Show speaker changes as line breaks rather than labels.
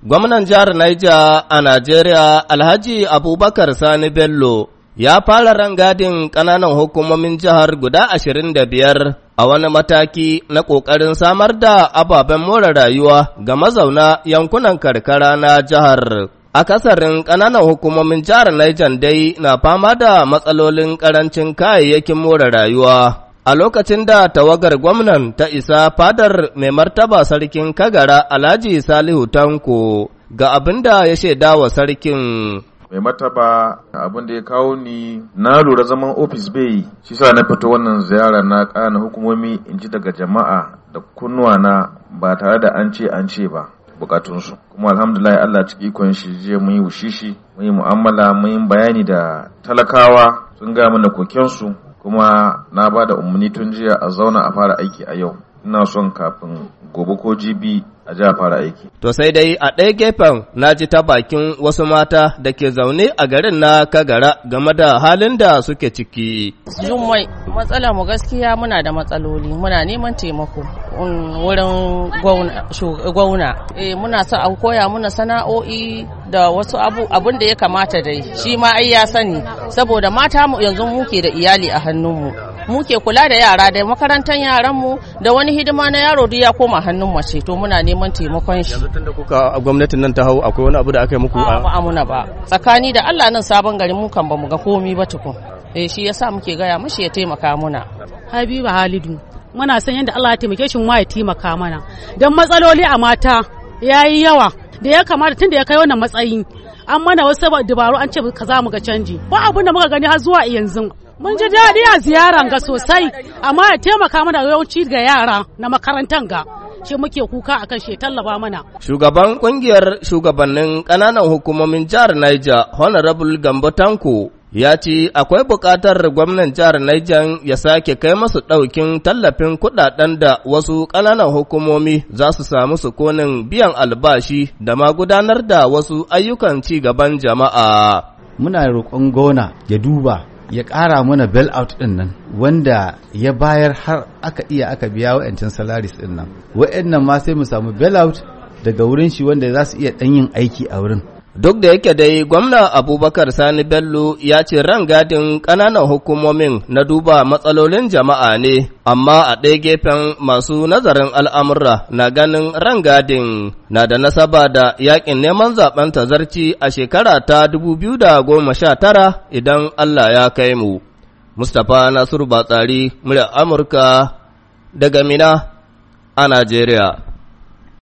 Gwamnan jihar Niger a Najeriya Alhaji Abubakar Sani Bello ya fara rangadin ƙananan hukumomin jihar guda ashirin da biyar a wani mataki na ƙoƙarin samar da ababen more rayuwa ga mazauna yankunan karkara na jihar. a Akasarin ƙananan hukumomin jihar Niger dai na fama da matsalolin ƙarancin kayayyakin more rayuwa. A lokacin da tawagar gwamnan ta isa fadar mai martaba sarkin Kagara Alhaji Salihu Tanko ga abin da ya shaida wa sarkin.
Mai martaba abin da ya kawo ni na lura zaman ofis bai shi sa na fito wannan ziyara na kana hukumomi in ji daga jama'a da kunnuwa na ba tare da an ce an ce ba. bukatunsu kuma alhamdulahi Allah ciki ikon shi je mun yi wushishi mun yi mu'amala mun yi bayani da talakawa sun ga mana kokensu kuma na ba da umarni tun jiya a zauna a fara aiki a yau ina son kafin gobe ko jibi a ji a fara aiki.
To sai dai a ɗaya gefen na ji ta bakin wasu mata da ke zaune a garin na Kagara game da halin da suke ciki.
Jummai, matsala mu gaskiya muna da matsaloli, muna neman taimako. wurin gwauna eh, muna so a koya muna sana'o'i da wasu abun da ya kamata dai shi ma ai ya sani saboda mata mu yanzu muke da iyali a hannunmu muke kula da yara da makarantar yaranmu da wani hidima na yaro duk ya koma hannun mace to muna neman taimakon shi yanzu tunda
kuka gwamnatin nan ta hau akwai wani abu da aka yi muku a ba
amuna ba tsakani da Allah nan sabon garin mu kan bamu ga komi ba tukun eh shi yasa
muke gaya mashi ya taimaka muna Habiba Halidu muna son yadda Allah ya taimake shi ma ya taimaka mana don matsaloli a mata ya yi yawa da ya kamata tun da ya kai wannan matsayi an mana wasu dabaru an ce ka za mu ga canji ba abin da muka gani har zuwa yanzu mun ji daɗi a ziyaran ga sosai amma ya taimaka mana yawanci ga yara na makarantar ga ce muke kuka a shi tallaba mana.
Shugaban kungiyar shugabannin kananan hukumomin jihar Niger Honorable Gambo Tanko ya ce akwai buƙatar gwamnan jihar Niger ya sake kai masu ɗaukin tallafin kuɗaɗen da wasu ƙananan hukumomi za su samu sukunin biyan albashi da ma gudanar da wasu ayyukan ci gaban jama'a. Muna roƙon gona ya duba ya ƙara mana bail-out ɗin nan wanda ya bayar har aka iya aka biya wa'yancin salaris ɗin nan. ma sai mu samu out daga wurin shi wanda za su iya ɗan yin aiki a wurin. Duk da yake dai gwamna Abubakar Sani Bello ya ce rangadin ƙananan hukumomin na duba matsalolin jama'a ne, amma a ɗaya gefen masu nazarin al'amura na ganin rangadin na da nasaba da yaƙin neman zaɓen tazarci a shekara ta 2019 idan Allah ya kai mu. Mustapha Nasiru Batsari, murya Amurka daga Mina a Najeriya.